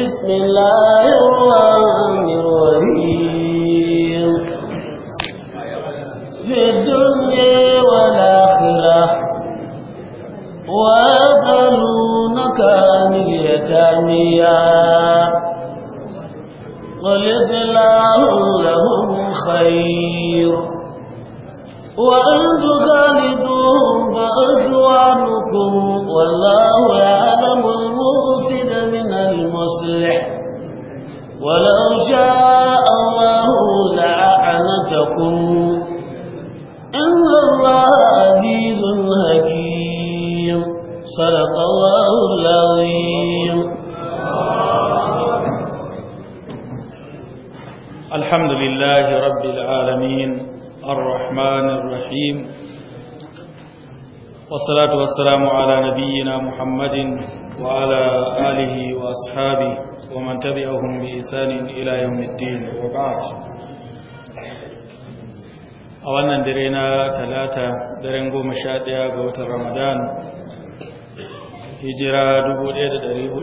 بسم الله الرحمن الرحيم في الدنيا والآخرة وأسألونك عن اليتامية قل إسلام لهم خير وأن تخالدوهم فأجوانكم والله يصلح ولو شاء الله لعنتكم إن الله عزيز حكيم صدق الله العظيم الحمد لله رب العالمين الرحمن الرحيم والصلاة والسلام على نبينا محمد وعلى آله وأصحابه ومن تبعهم بإسان إلى يوم الدين وبعد أولا درينا ثلاثة درين مشاديا قوت رمضان هجرة دبو دريبو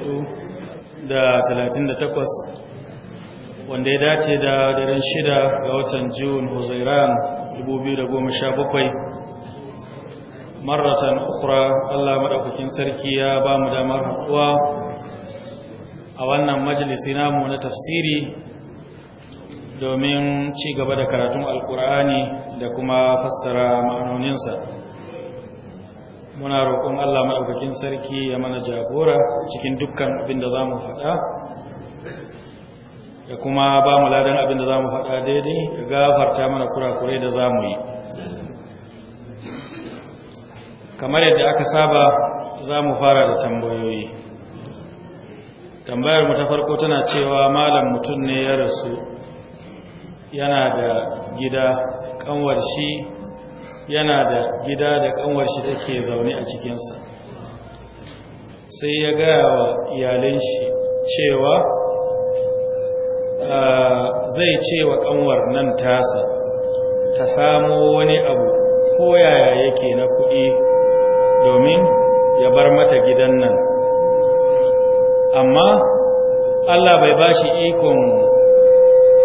دا ثلاثين دا تقوص 38 wanda ya dace da daren shida ga watan Jun Huzairan 2017 maratan ukura Allah maɗaukakin sarki ya ba mu damar haɗuwa a wannan majalisi namu na tafsiri domin ci gaba da karatun alkur'ani da kuma fassara ma'anoninsa muna roƙon Allah maɗaukakin sarki ya mana jagora cikin dukkan abin da za mu faɗa da kuma ba mu ladan abin da za mu faɗa daidai da gafarta mana kurakurai da za mu yi kamar yadda aka saba za mu fara da tambayoyi tambayar mu ta farko tana cewa malam mutum ne ya rasu yana da gida kanwar shi yana da gida da kanwar shi take zaune a cikinsa sai ya gaya wa iyalin shi cewa ah, zai ce wa kanwar nan tasa ta samo wani abu ko yaya yake na kuɗi domin ya bar mata gidan nan amma Allah bai ba shi ikon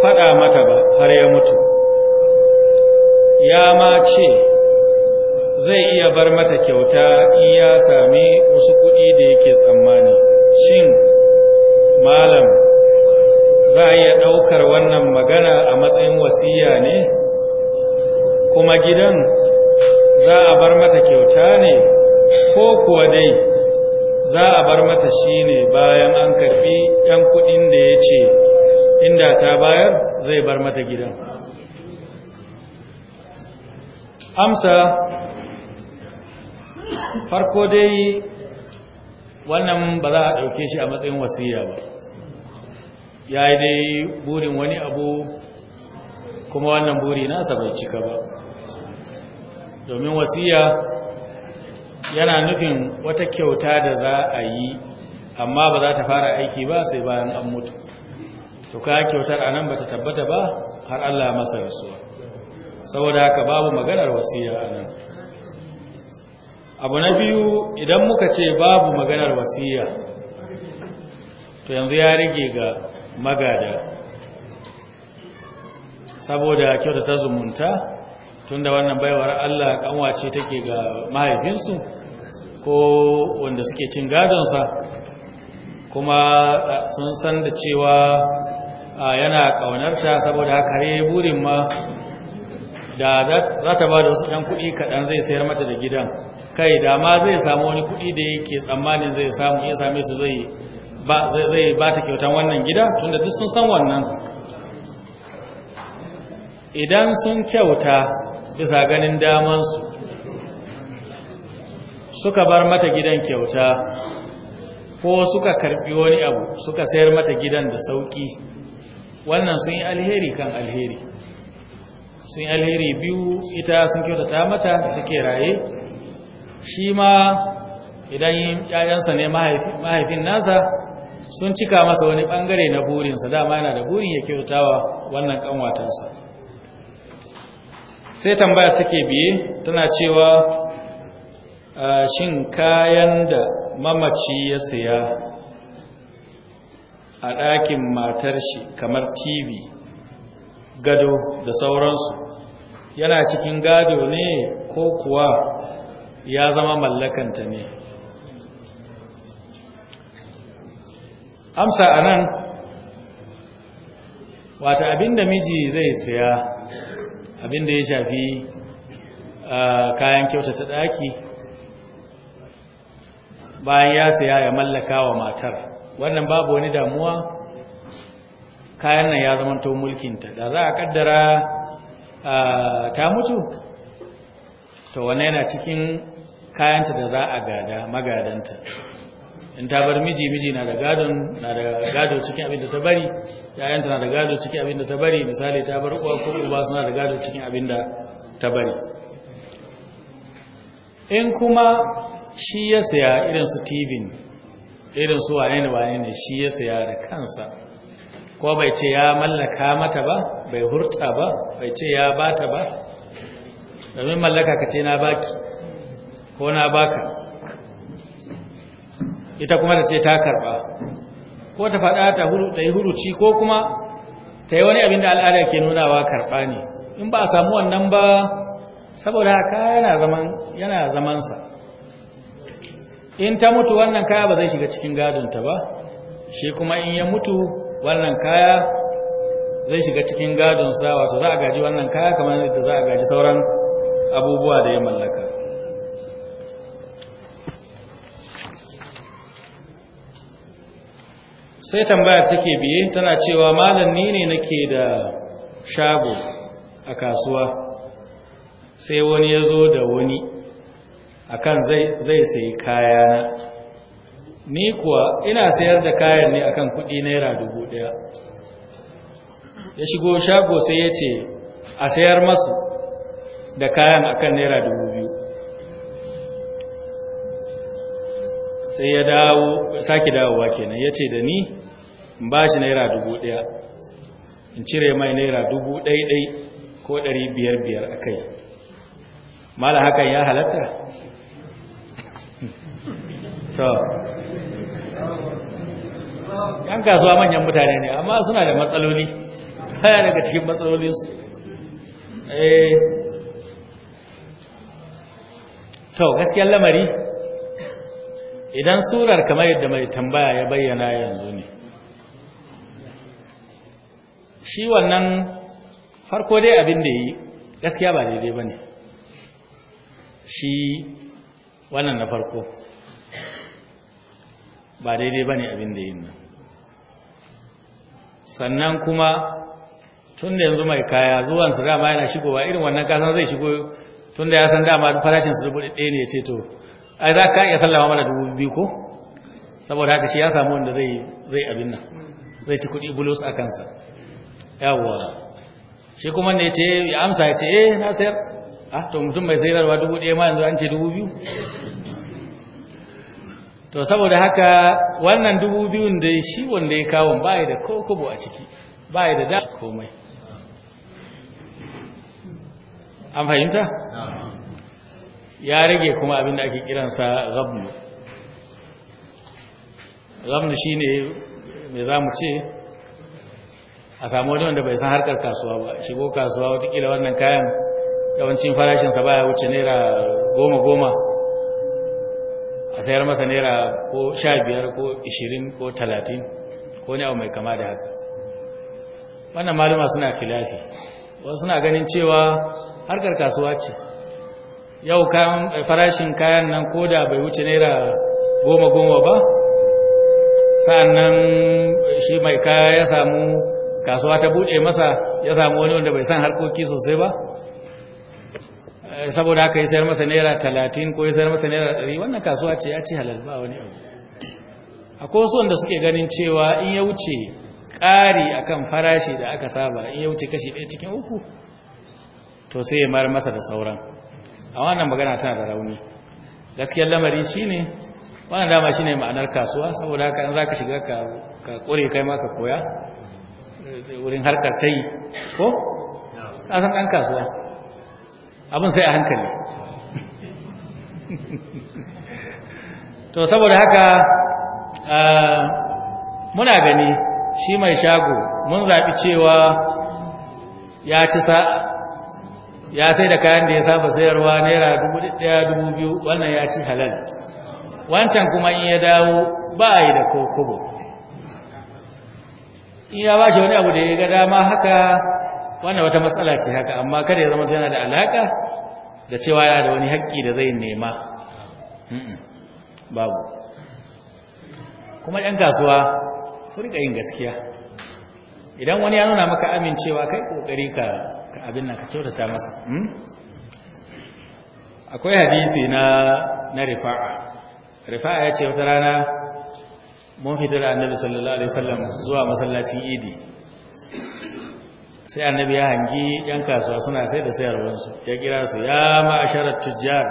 faɗa mata ba har ya mutu ya ma ce zai iya bar mata kyauta iya ya sami wasu kuɗi da yake tsammani shin malam za a iya ɗaukar wannan magana a matsayin wasiya ne kuma gidan za a bar mata kyauta ne ko kuwa dai za a bar mata shi ne bayan an karfi 'yan kuɗin da ya ce inda ta bayar zai bar mata gidan amsa farko dai wannan ba za a ɗauke shi a matsayin wasiya ba ya yi dai burin wani abu kuma wannan buri nasa bai cika ba domin wasiya yana nufin wata kyauta da za a yi amma ba za ta fara aiki ba sai bayan an mutu to ka kyautar a nan ba ta tabbata ba har Allah masa rasuwa saboda haka babu maganar wasiya a nan abu na biyu idan muka ce babu maganar wasiya to yanzu ya rage ga magada saboda kyauta ta zumunta tunda wannan baiwar Allah kanwace take ga mahaifinsu ko wanda suke cin gadonsa kuma eh, sun san da cewa eh, yana ƙaunarta saboda haka ya burin ma da za ta ba da wasu ɗan kuɗi kaɗan zai sayar mata da gidan kai da ma zai samu wani kuɗi da yake tsammanin zai samu ya same su zai ba ta kyautan wannan gida tunda duk sun san wannan idan sun kyauta bisa ganin damansu suka bar mata gidan kyauta ko suka karbi wani abu suka sayar mata gidan da sauki wannan sun yi alheri kan alheri sun yi alheri biyu ita sun kyautata mata da take raye shi ma idan yayansa ne mahaifin nasa sun cika masa wani bangare na burinsa dama yana da burin ya wa wannan kanwatarsa sai tambaya take biye tana cewa shin kayan da mamaci ya siya a ɗakin matar shi kamar tv gado da sauransu yana cikin gado ne ko kuwa ya zama mallakanta ne amsa a nan wata abinda miji zai siya abinda ya shafi kayan kyauta ta ɗaki bayan ya saya ya mallaka wa matar wannan babu wani damuwa kayan nan ya zama mulkin mulkinta da za a kaddara ta mutu to wannan yana cikin kayanta da za a gada magadanta in ta bar miji miji na da gado na da gado cikin abin da ta bari yayanta na da gado cikin abin da ta bari misali ta bar uwa ko uba suna da gado cikin abin da ta bari in kuma shi ya saya irin su tibin irin su wane ne wane ne shi ya saya da kansa ko bai ce ya mallaka mata ba bai hurta ba bai ce ya bata ba domin mallaka ka ce na baki ko na baka ita kuma ta ce ta karba ko ta faɗa ta yi huruci ko kuma ta yi wani abin da al'ada ke nunawa karɓa ne in ba a samu wannan ba saboda haka yana zamansa in ta mutu wannan kaya ba zai shiga cikin gadonta ba shi kuma in ya mutu wannan kaya zai shiga cikin gadonsa wato za a gaji wannan kaya kamar yadda za a gaji sauran abubuwa da ya mallaka sai tambaya take biye tana cewa malam ni ne nake da shago a kasuwa sai wani ya zo da wani akan zai zai sayi kaya na ni kuwa ina sayar da kayan ne akan kuɗi naira dubu ɗaya ya shigo shago sai ya ce a sayar masu da kayan akan naira dubu biyu sai ya dawo sake dawowa kenan ya ce da ni in ba shi naira dubu ɗaya in cire mai naira dubu daidai ko ɗari biyar biyar a kai mala hakan ya halatta to yan kasuwa manyan mutane ne amma suna da matsaloli haya daga cikin matsalolinsu eh. to gaskiyar lamari idan surar kamar yadda mai tambaya ya bayyana yanzu ne shi wannan farko dai abin da yi gaskiya ba daidai ba ne shi wannan na farko ba daidai ba ne abin da yin nan sannan kuma tun da yanzu mai kaya zuwansu dama yana shigowa irin wannan kasan zai shigo tun da ya san dama farashin su dubu ɗaya ne ya ce to ai za ka iya sallama mana dubu biyu ko saboda haka shi ya samu wanda zai abin nan zai ci kuɗi bulus a kansa yawwa shi kuma ne ce ya amsa ya ce eh na sayar Ah to mutum mai sayarwa dubu ɗaya ma yanzu an ce dubu biyu to saboda haka wannan dubu biyun da shi wanda ya kawo ba da kokobo a ciki ba ya da dashi komai an fahimta? ya rage kuma abinda ake kiransa rabnu rabnu shi ne mai za mu ce a samu wani wanda bai san harkar kasuwa ba shigo kasuwa watakila wannan kayan yawancin farashinsa baya wuce naira goma goma a sayar masa naira ko sha biyar ko ishirin ko talatin ko ne abu mai kama da haka wannan maluma suna filafi wasu suna ganin cewa harkar kasuwa ce yau farashin kayan nan ko da bai wuce naira goma goma ba sa'annan shi mai kaya ya samu kasuwa ta buɗe masa ya samu wani wanda bai san harkoki sosai ba Eh, saboda haka ya sayar masa naira talatin ko ya sayar masa naira ɗari wannan kasuwa ce ya ci halal ba wani abu akwai wasu wanda suke ganin cewa in ya wuce ƙari akan farashi da aka saba in ya wuce kashi ɗaya cikin uku to sai ya mayar masa da sauran a wannan magana tana da rauni gaskiyar lamari ne wannan dama shi ne ma'anar kasuwa saboda haka in ka shiga ka ka kai ma ka koya eh, wurin harkar ta yi ko a san ɗan kasuwa abin sai a hankali to saboda haka muna gani shi mai shago mun zaɓi cewa ya ci sa ya sai da kayan da ya saba sayarwa naira biyu wannan ya ci halal wancan kuma in ya dawo ba yi da kokobo in ya ba shi wani abu da ya ga dama haka wannan wata matsala ce haka amma kada ya zama tana da alaka da cewa yana da wani haƙƙi da zai nema babu kuma ɗan kasuwa su riƙa yin gaskiya idan wani ya nuna maka amincewa kai ƙoƙari ka abin nan ka kyautata masa mm? akwai hadisi na na rifa'a rifa'a ya ce wata rana mun fitar da annabi sallallahu alaihi wasallam zuwa masallacin idi sai annabi ya hangi yan kasuwa suna sai da sayarwarsu ya kira su ya ma'asharar tujjar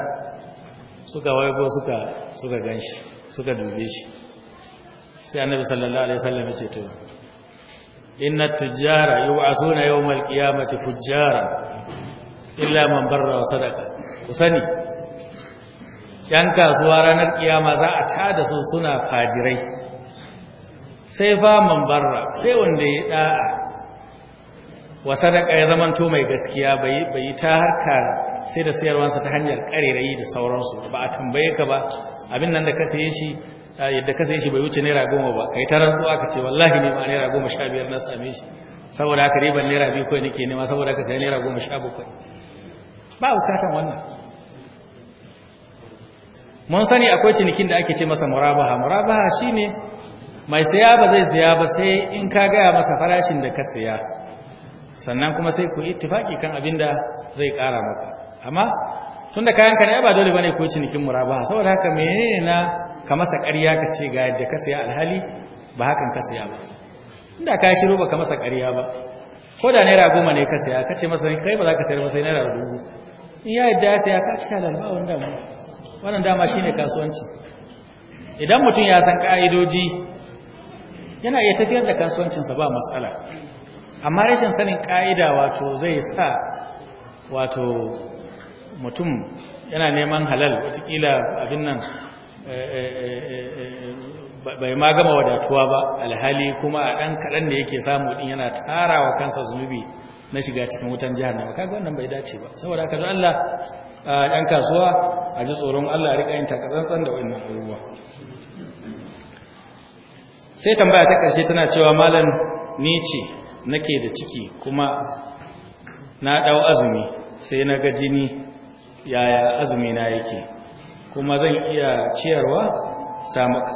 suka waifo suka suka ganshi suka dube shi sai annabi sallallahu alaihi wasallam ya ce to inna tujjara yub'asuna yawmal qiyamati fujjara illa man barra wa sadaqa ku sani yan kasuwa ranar kiyama za a tada su suna fajirai sai fa man barra sai wanda ya da'a wa sadaka ya zamanto mai gaskiya bai yi ta harka sai da sayarwansa ta hanyar karerayi da sauransu ba a tambaye ka ba abin nan da ka saye shi yadda ka saye shi bai wuce naira goma ba kai ta rantsuwa ka ce wallahi ne ma naira goma sha biyar na same shi saboda haka ribar naira biyu kawai nake nema saboda haka sai naira goma sha bakwai ba bukatan wannan mun sani akwai cinikin da ake ce masa murabaha murabaha shine mai saya ba zai saya ba sai in ka gaya masa farashin da ka saya sannan kuma sai ku ittifaki kan abin da zai ƙara maka amma tunda ka ne ba dole bane ku cinikin murabaha saboda haka menene na ka masa ƙarya ka ce ga yadda ka saya alhali ba hakan ka saya ba inda ka shiro ba ka masa ƙarya ba ko da naira goma ne ka saya ka ce masa kai ba za ka sayar ba sai naira dubu in ya yadda ya saya ka cika lalba wannan dama wannan dama shine kasuwanci idan mutum ya san ka'idoji yana iya tafiyar da kasuwancinsa ba matsala amma rashin sanin ƙa'ida wato zai sa wato mutum yana neman halal watakila abin nan eh, eh, eh, bai ma gama wadatuwa ba alhali kuma a ɗan kaɗan da yake samu ɗin yana tara wa kansa zunubi na shiga cikin wutan jihar jihannama kaga wannan bai dace ba saboda haka Allah ɗan kasuwa a ji tsoron Allah a riƙa yin takatsantsan da wannan abubuwa sai tambaya ta ƙarshe tana cewa malam ni ce nake da ciki kuma na ɗau azumi sai na ga jini yaya azumi na yake kuma zan iya ciyarwa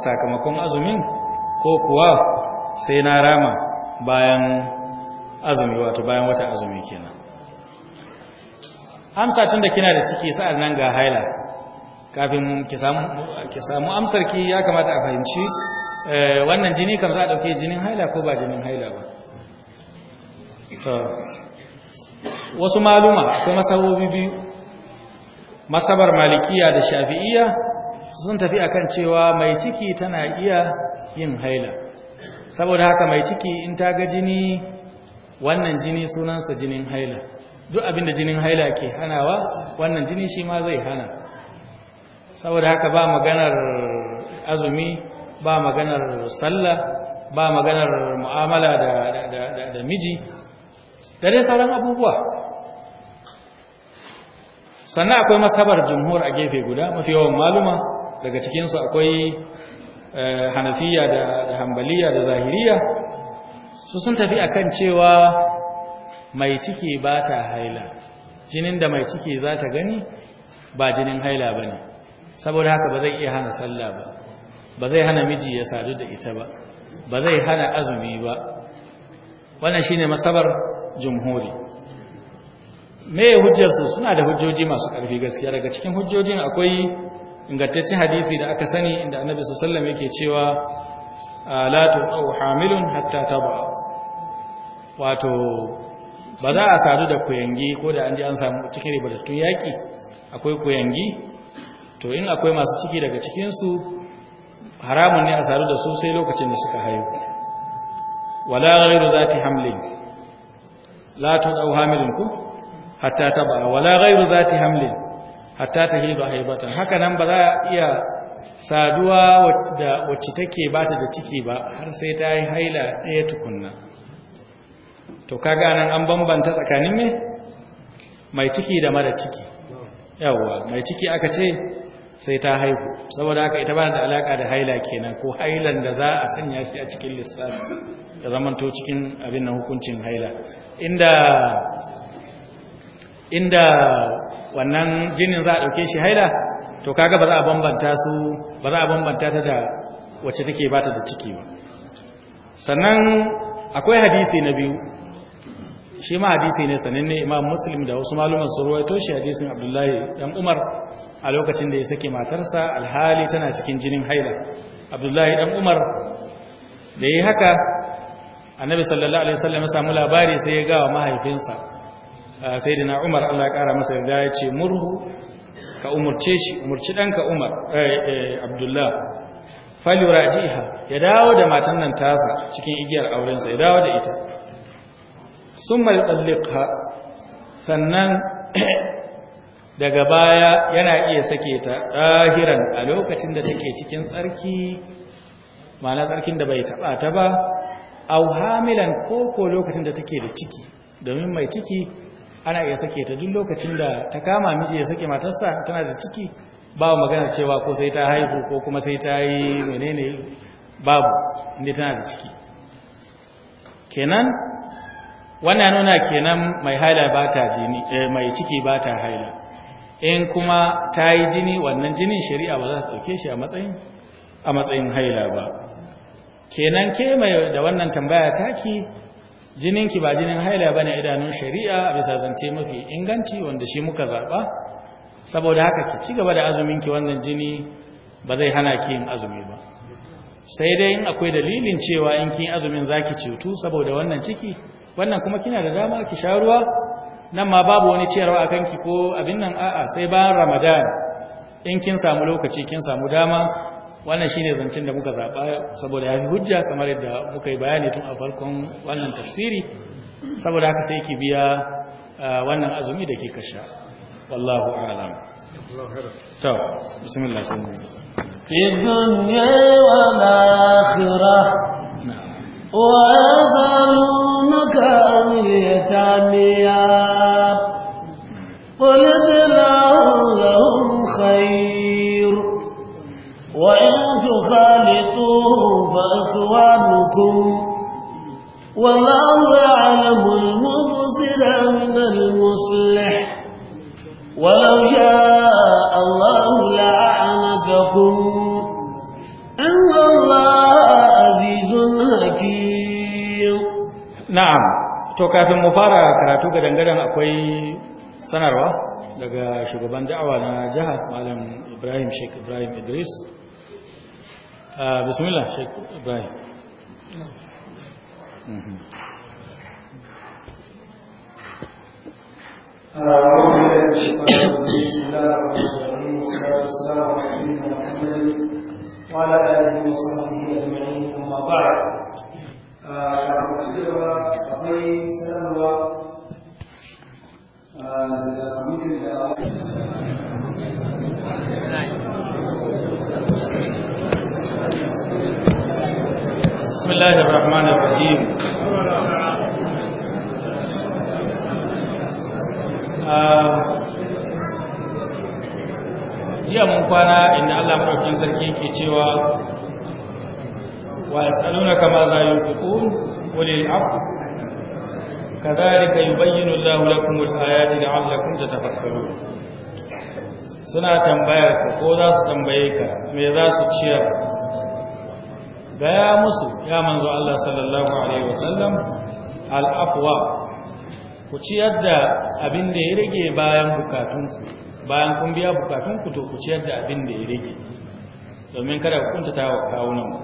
sakamakon azumin ko kuwa sai na rama bayan azumi wato bayan wata azumi kenan amsa tun da kina da ciki sa'ar nan ga haila kafin ki samu amsarki ya kamata a fahimci eh, wannan jini kam za a ɗauke jinin haila ko ba jinin haila ba wasu maluma akwai masabobi biyu masabar malikiya da shafi'iyya sun tafi akan cewa mai ciki tana iya yin haila saboda haka mai ciki in ta ga jini wannan jini sunansa jinin haila duk abinda jinin haila ke hanawa wannan jini shi ma zai hana saboda haka ba maganar azumi ba maganar sallah ba maganar mu'amala da miji Dare dai sauran abubuwa sannan akwai masabar jumhur a gefe guda mafi yawan maluma daga cikinsu akwai eh, hanafiya da hambaliya da zahiriya su sun tafi akan cewa mai ciki ba ta haila jinin da mai ciki za ta gani ba jinin haila ba ne saboda haka ba zai iya hana sallah ba ba zai hana miji ya sadu da ita ba ba zai hana azumi ba wannan shine masabar jumhuri me hujjarsu suna da hujjoji masu ƙarfi gaskiya daga cikin hujjojin akwai ingantaccen hadisi da aka sani inda annabi sallallahu alaihi yake cewa la tu'u hamilun hatta taba wato ba za a sadu da kuyangi ko da an ji an samu cikin ribatattun yaki akwai kuyangi to in akwai masu ciki daga cikinsu haramun ne a sadu da su sai lokacin da suka haihu wala ghayru zati hamlin la tadau hamilin ku hatta taba wala ghayru zati hamlin hatta tahidu haibatan haka nan ba za a iya saduwa wacce take bata da ciki ba har sai ta yi haila ɗaya tukunna to kaga nan an bambanta tsakanin me mai ciki da mara ciki yawwa mai ciki aka ce sai ta haihu saboda haka ita ba da alaka da haila kenan ko hailan da za a sanya shi a cikin lissafi da to cikin abin nan hukuncin haila inda inda wannan jinin za a dauke shi haila to kaga ba za a bambanta su ba za a bambanta ta da wacce take bata da ciki ba sannan akwai hadisi na biyu shi ma hadisi ne sananne imam muslim da wasu malaman su ruwaito shi hadisin abdullahi dan umar a lokacin da ya sake matarsa alhali tana cikin jinin haila abdullahi dan umar da yi haka annabi sallallahu alaihi wasallam ya samu labari sai ya gawa mahaifinsa sayyidina umar Allah ya kara masa yarda ya ce murhu ka umurce shi umurci danka umar eh, eh, abdullah falyurajiha ya dawo da matan nan tasa cikin igiyar aurensa ya dawo da ita summa yutalliqha sannan daga baya yana iya sake ta ɗahiran a lokacin da take cikin tsarki ma'ana tsarkin da bai taɓa ta ba au hamilan koko lokacin da take da ciki domin mai ciki ana iya sake ta duk lokacin da ta kama miji ya sake matarsa tana da ciki ba magana cewa ko sai ta haihu ko kuma sai ta yi menene babu inda tana da ciki kenan wannan nuna kenan mai haila ba ta jini eh, mai ciki ba ta haila in kuma ta yi jini wannan jinin shari'a ba za ta ɗauke shi a matsayin haila ba kenan ke mai da wannan tambaya taki jininki ba jinin haila ba ne idanun shari'a a bisa zance mafi inganci wanda shi muka zaɓa saboda haka ki ci gaba da azuminki wannan jini ba zai hana ki yin azumi ba sai dai in akwai dalilin cewa in kin azumin zaki cutu saboda wannan ciki wannan kuma kina da dama ki sha ruwa nan ma babu wani ciyarwa a kanki ko abin nan a'a sai bayan ramadan in kin samu lokaci kin samu dama wannan shine zancen da muka zaba saboda fi hujja kamar yadda muka yi bayani tun a farkon wannan tafsiri saboda haka sai ki biya wannan azumi da kika sha wallahu a'lam to bismillah fi dunya wal akhirah wa azalu مكان أن يتاميا قل لهم خير وإن تخالطوه فأخوانكم والله يعلم المفسد من المصلح ولو شاء na'am to kafin mu fara karatu ga dangaren akwai sanarwa daga shugaban da'awa na jiha malam ibrahim sheik ibrahim idris ah, bismillah sheik ibrahim وعلى آله وصحبه أجمعين أما بعد Ah, kafin ci ah, da بسم الله الرحمن الرحيم jiya mun kwana inda Allah maɗaukin sarki ke cewa ويسألونك ماذا ينفقون قل العفو كذلك يبين الله لكم الآيات لعلكم تتفكرون سنة tambayar ka ko ماذا ستشير tambaye ka me za su ciyar gaya musu ya manzo Allah ku ciyar da abin da ya rage bayan bukatunku bayan kun biya bukatunku to ku ciyar da abin da ya rage domin kada ku kuntata wa kawunanku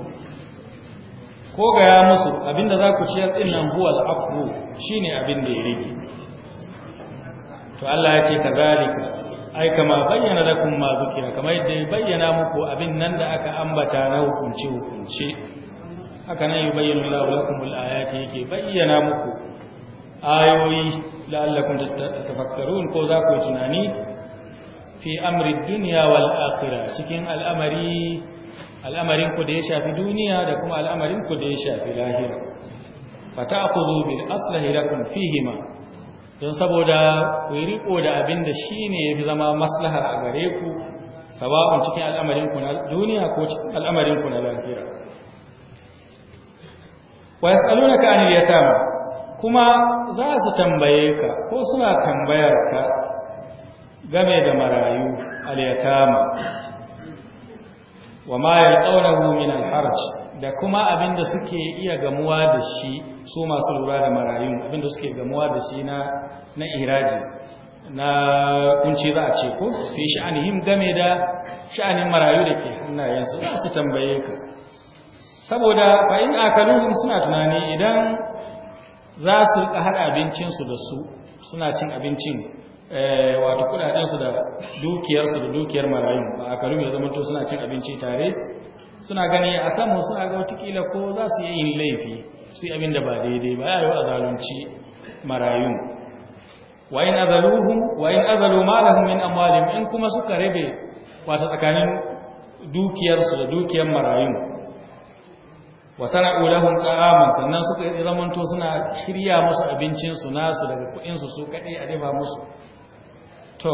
ko gaya musu abinda za ku ciyar ɗin nan huwa al'afu shi ne abinda ya rage to Allah ya ce ka zalika ai kama bayyana lakum ma zukira kama yadda ya bayyana muku abin nan da aka ambata na hukunce hukunce haka nan yubayyinu lahu lakum al-ayati yake bayyana muku ayoyi la'allakum tatafakkarun ko za ku tunani fi amri dunya wal akhirah cikin al'amari al'amarin ku da ya shafi duniya da kuma al'amarin ku da ya shafi lahira fata'khudhu bil aslahi lakum fihima don saboda ku riko da abin da shi shine yafi zama maslaha a gare ku sawa'un cikin al'amarin ku na duniya ko cikin al'amarin ku na lahira wa yas'alunaka anil yatama kuma za su tambaye ka ko suna tambayar ka game da marayu al yatama wa ma yalqawnahu min al-haraj da kuma abinda suke iya gamuwa da shi su masu lura da marayun abinda suke gamuwa da shi na na iraji na kunci za a ce ko fi sha'anihim game da sha'anin marayu da ke hannayensu za su tambaye ka saboda fa in suna tunani idan za su haɗa abincinsu da su suna cin abincin Eh, wato kudadensu da dukiyarsu da dukiyar marayu ba a karu mai zamanto suna cin abinci tare suna gani a kanmu a ga watakila ko za su yi laifi su yi abin da ba daidai ba yayo a zalunci marayu wayin azaluhu wayin azalu malahum min amwalihim in kuma suka rabe wato tsakanin dukiyarsu da dukiyar marayu wa sana'u lahum qa'aman sannan suka yi zamanto suna shirya musu abincin su nasu daga kuɗin su su kadai a dafa musu to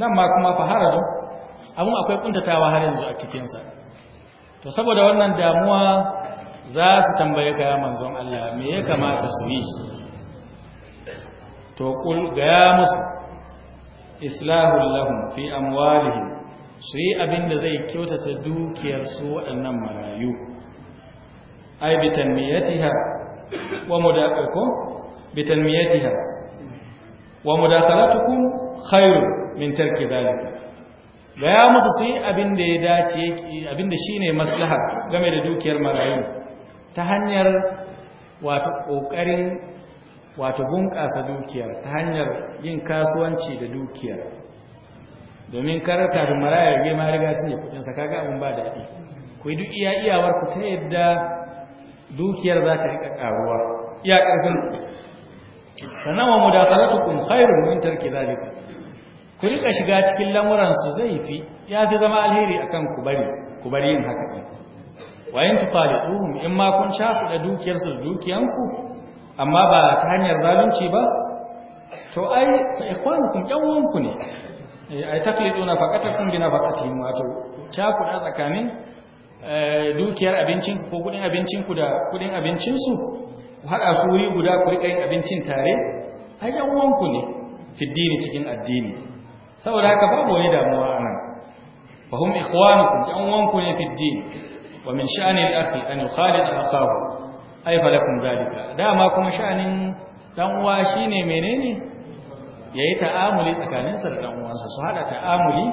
nan ma kuma fahara haraju akwai kuntatawa har yanzu a cikinsa. to saboda wannan damuwa za su tambaye ka manzon Allah me ya kamata su yi to kul ga ya musu islahul lahum fi amwalihim su yi abin da zai kyautata dukiyar su waɗannan marayu ai bitanmiyatiha wa mudaqakum bitanmiyatiha wa mudaqalatukum khairu min tarki zalika gaya musu su yi abin da ya dace abin da shine maslaha game da dukiyar marayu ta hanyar wato kokarin wato bunƙasa dukiyar ta hanyar yin kasuwanci da dukiyar domin karar kafin marayar ya ma riga sun yi kudin sa kaga abin ba daɗi ku yi duk iya iyawar ku ta yadda dukiyar za ta riƙa ƙaruwa iya ƙarfin sannan wa mudakhalatukum khairun min tarki zalika ku rika shiga cikin lamuransu zai fi ya fi zama alheri akan ku bari ku bari yin haka ɗin wayan tufaliduhum in ma kun shafi da dukiyarsu da dukiyanku amma ba ta hanyar zalunci ba to ai fa ku, ɗan uwanku ne eh, ai na faqatakum bi nafaqatihim wato ku da tsakanin eh, dukiyar abincin ko kudin abincin ku da kudin abincin su ku hada su wuri guda ku rika yin abincin tare ai ɗan uwanku ne fiddini cikin addini saboda haka babu wani damuwa a nan fa hum ikhwanukum yan wanku ne fi wa min sha'ani al-akhi an yukhalid akhahu ay fa lakum zalika dama kuma sha'anin dan uwa shine menene yayi ta'amuli tsakanin sa da dan uwansa su hada ta'amuli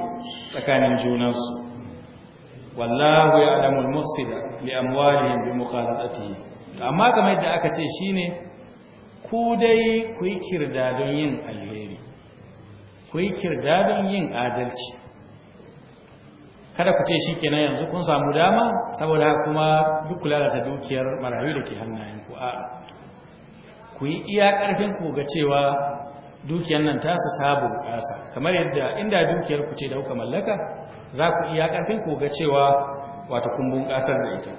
tsakanin junansu wallahu ya'lamu al-mufsida li amwalihi bi mukhalafatihi amma kamar yadda aka ce shine ku dai ku yi kirda don yin alheri ku yi kirdadin yin adalci kada ku ce shi kenan yanzu kun samu dama saboda haka kuma duk kula da ta dukiyar marayu da ke hannayenku a ku yi iya ƙarfin ku ga cewa dukiyar nan tasu ta bunƙasa kamar yadda inda dukiyar ku ce da kuka mallaka za ku iya ƙarfin ku ga cewa wata kun bunƙasar da ita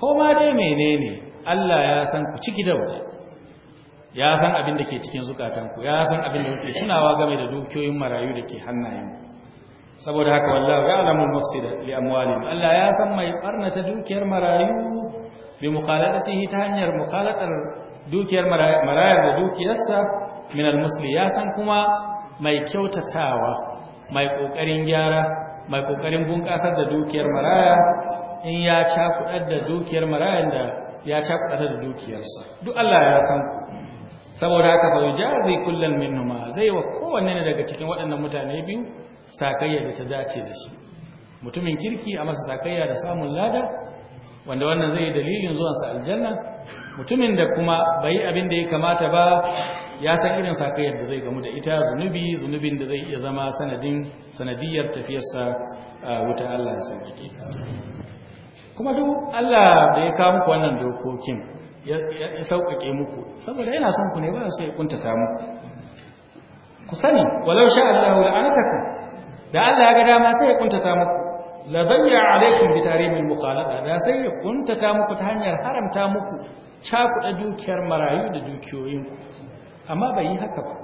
ko ma dai menene Allah ya san ku ciki da waje ya san abin da ke cikin zukatanku ya san abin da ke tunawa game da dukiyoyin marayu da ke hannayen saboda haka wallahu ya'lamu mufsida li amwalihim Allah ya san mai barnata dukiyar marayu bi muqalatatihi ta hanyar muqalatar dukiyar marayar da dukiyarsa min almusli ya san kuma mai kyautatawa mai kokarin gyara mai kokarin bunƙasar da dukiyar maraya in ya cakudar da dukiyar marayan da ya cakudar da dukiyarsa duk Allah ya san ku saboda haka fa yujazi kullal minnuma zai wa kowanne ne daga cikin waɗannan mutane biyu sakayya da ta dace da shi mutumin kirki a masa sakayya da samun lada wanda wannan zai yi dalilin zuwan sa aljanna mutumin da kuma bai abin da ya kamata ba ya san irin sakayyar da zai gamu da ita zunubi zunubin da zai iya zama sanadin sanadiyar tafiyarsa wuta Allah ya kuma duk Allah da ya kawo muku wannan dokokin ya sauƙaƙe muku saboda yana son ku ne ba sai ya kuntata mu ku sani walau sha Allahu la'anatakum da Allah ya ga dama sai ya kuntata muku la bayya alaikum bi tarimil muqalada da sai ya kuntata muku ta hanyar haramta muku da dukiyar marayu da dukiyoyinku amma bai yi haka ba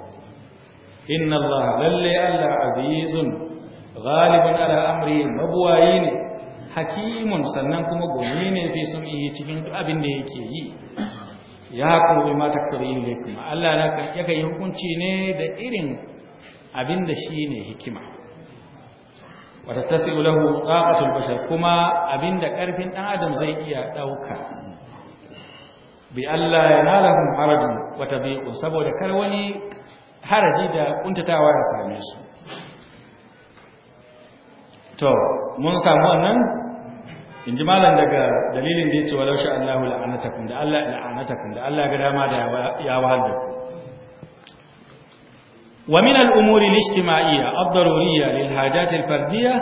inna Allah lalle Allah azizun ghalibun ala amri mabuwayi ne hakimun sannan kuma gobe ne fi sun yi cikin abin da yake yi ya kuma ma ne kuma Allah ya yi hukunci ne da irin abin da shi ne hikima wata tasiru lahu ɗaƙatul bashar kuma abin da ƙarfin ɗan adam zai iya ɗauka bi Allah ya nalahun harajin wata biyu saboda kar wani haraji da ƙuntatawa ya same su to mun samu wannan in ji malam daga dalilin da ya ce walau Allahu da Allah la'anatakun da Allah ga dama da ya wahal da ku wa min al'umuri umuri al-ijtima'iyya ad-daruriyya fardiyya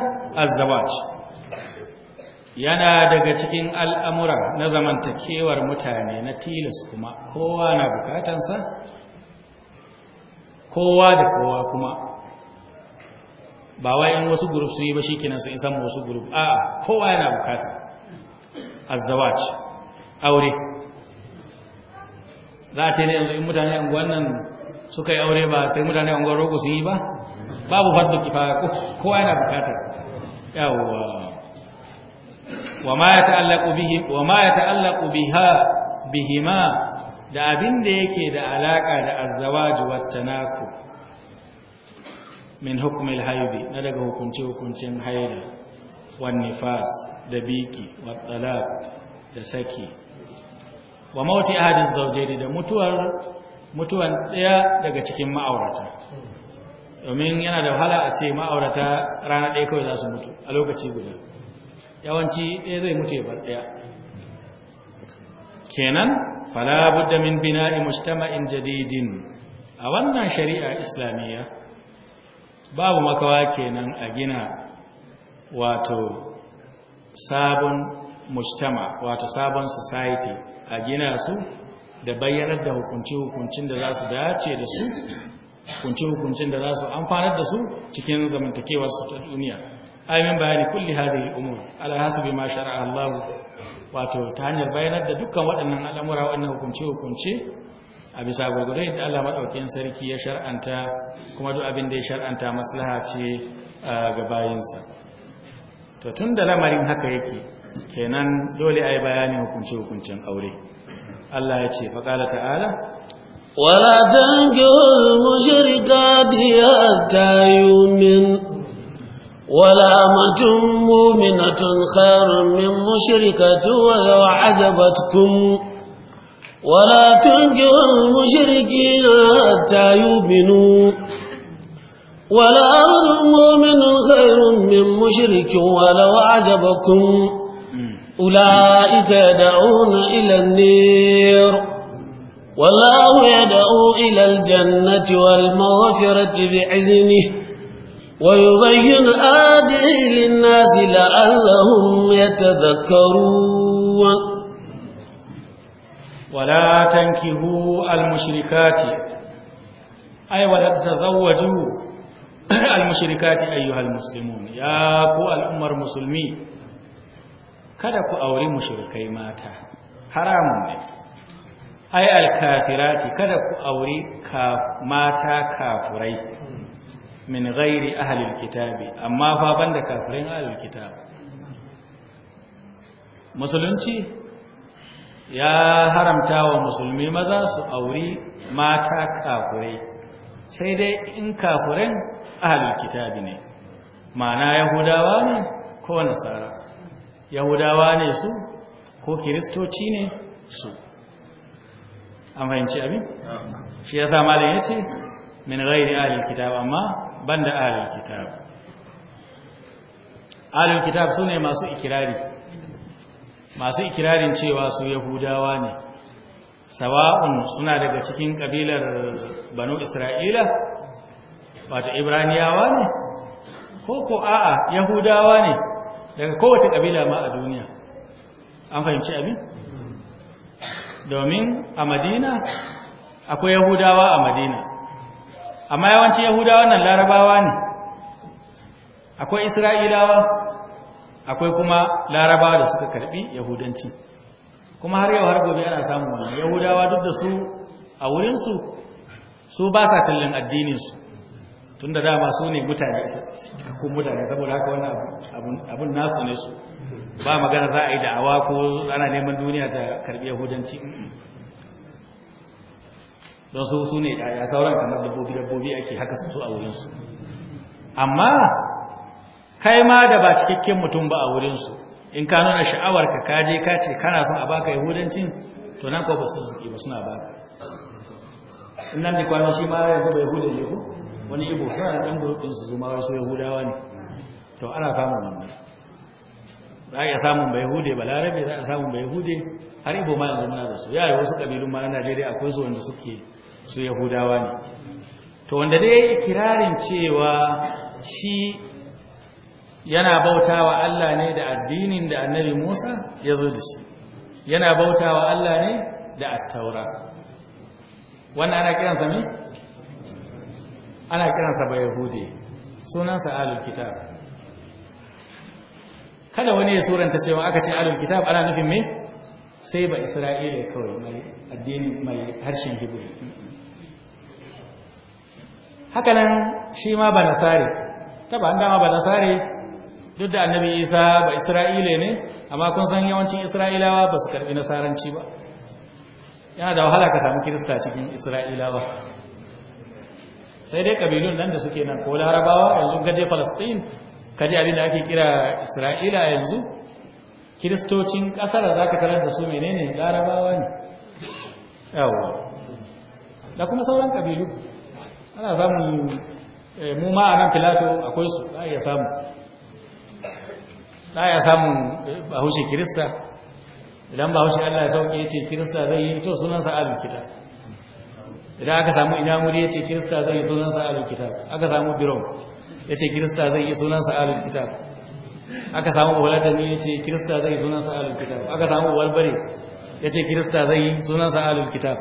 yana daga cikin al'amura na zamantakewar mutane na tilas kuma kowa na bukatansa kowa da kowa kuma ba wayan wasu group su yi ba shikenan su isan wasu group a'a kowa yana bukata azzawaj aure za a ce ne yanzu in mutane anguwan nan suka yi aure ba sai mutane anguwan rogo su yi ba babu fardu kifaya kowa yana bukata yawwa wa ma yata'allaqu bihi wa ma biha bihima da abin da yake da alaka da azawaji wat tanaku min hukumil haidi na daga hukunce hukuncin haida wan nifas da biki wa talaq da saki wa mauti ahadin da mutuwar mutuwan ɗaya daga cikin ma'aurata domin yana da wahala a ce ma'aurata rana ɗaya kawai za su mutu a lokaci guda yawanci ɗaya zai mutu ya bar kenan fala budda min bina'i mujtama'in jadidin a wannan shari'a islamiyya babu makawa kenan a gina wato sabon mujtama wato sabon society a gina su da bayyanar da hukunci-hukuncin da za su dace da su hukunci-hukuncin da za su amfanar da su cikin zamantakewar su ta duniya amin bayani kulli hadhihi umur ala hasbi ma shar'a Allah wato ta hanyar bayyanar da dukkan waɗannan al'amura waɗannan hukunci-hukunci a bisa gurgudu inda Allah maɗaukin sarki ya shar'anta kuma duk abin da ya shar'anta maslaha ce ga bayinsa to tun da lamarin haka yake kenan dole a yi bayanin hukunce-hukuncen aure Allah ya ce faƙala ta'ala wala dangiyar mashirka diya ta yi kharin min mu خير tuwa da wa عجبتكم ولا تنكر المشركين حتى يؤمنوا ولا مؤمن خير من مشرك ولو عجبكم أولئك يدعون إلى النير والله يدعو إلى الجنة والمغفرة بإذنه ويبين آده للناس لعلهم يتذكرون ولا تنكهوا المشركات أي ولا تتزوجوا المشركات أيها المسلمون يا كو الأمر مسلمي kada ku auri mushrikai mata haramun ne ai alkafirati kada ku auri mata kafurai min gairi ahlil kitabi amma fa banda kafirin ahlil kitab musulunci ya haramta wa musulmi maza su auri mata kafurai sai dai in kafuran ahalul kitabi ne ma'ana yahudawa ne ko nasara yahudawa ne su ko kiristoci ne su an fahimci abin shi ya sa malin ya ce min rairi ahalul kitabi amma banda ahalul kitabi ahalul kitabi su ne masu ikirari masu ikirarin cewa su yahudawa ne sawa'un suna daga cikin kabilar banu isra'ila Wata ibraniyawa ne ko ko a'a yahudawa ne daga kowace kabila ma a duniya an fahimci abin domin a madina akwai yahudawa a madina amma yawanci yahudawa nan larabawa ne akwai isra'ilawa akwai kuma larabawa da suka karbi yahudanci kuma har yau har gobe ana samun wannan yahudawa duk da su a wurinsu su ba sa kallon addininsu tun da dama su ne mutane ko mutane saboda haka wannan abun nasu ne su ba magana za a yi awa ko ana neman duniya ta karbi yahudanci don su su ne ya sauran kamar dabbobi dabbobi ake haka su a wurin su amma kai ma da ba cikakken mutum ba a wurinsu in ka nuna sha'awarka ka je ka ce kana son a baka yahudancin to nan ko ba su zuki ba suna baka in nan ne kwanan shi ma ya ba yahuda ne ko wani ibo suna da ɗan gurɓin su zuma wasu yahudawa ne to ana samun wannan za a iya samun bai hude ba larabe za a samun bai hude har ibo ma yanzu muna da su yaya wasu ƙabilun ma na najeriya akwai su wanda suke su yahudawa ne to wanda dai ikirarin cewa shi yana bautawa Allah ne da addinin da annabi Musa ya zo da shi yana bautawa Allah ne da attaura wannan ana kiransa mi? ana kiransa ba yahudi sunansa alul kitab kada wani ya suranta cewa aka ce alul kitab ana nufin me sai ba isra'ila kawai mai addini mai harshen hibiri nan shi ma ba Ta taba an dama ba Nasari. duk da annabi isa ba Isra'ila ne amma kun san yawancin isra'ilawa ba su karbi nasaranci ba yana da wahala ka samu kirista cikin isra'ilawa sai dai kabilun nan da suke nan ko larabawa yanzu gaje falastin kaji abin da ake kira isra'ila yanzu kiristocin kasar da ka tarar da su menene larabawa ne yawa da kuma sauran kabilu ana samun eh, mu ma a nan filato akwai su za a iya samu ba ya samun eh, bahaushe kirista idan bahaushe allah ya sauke ya ce kirista zai yi to sunansa a kitab idan aka samu inamuri ya ce kirista zai yi sunansa a kitab aka samu Birom ya ce kirista zai yi sunansa a kitab aka samu walatani ya ce kirista zai yi sunansa a kitab aka samu walbare ya ce kirista zai yi sunansa a kitab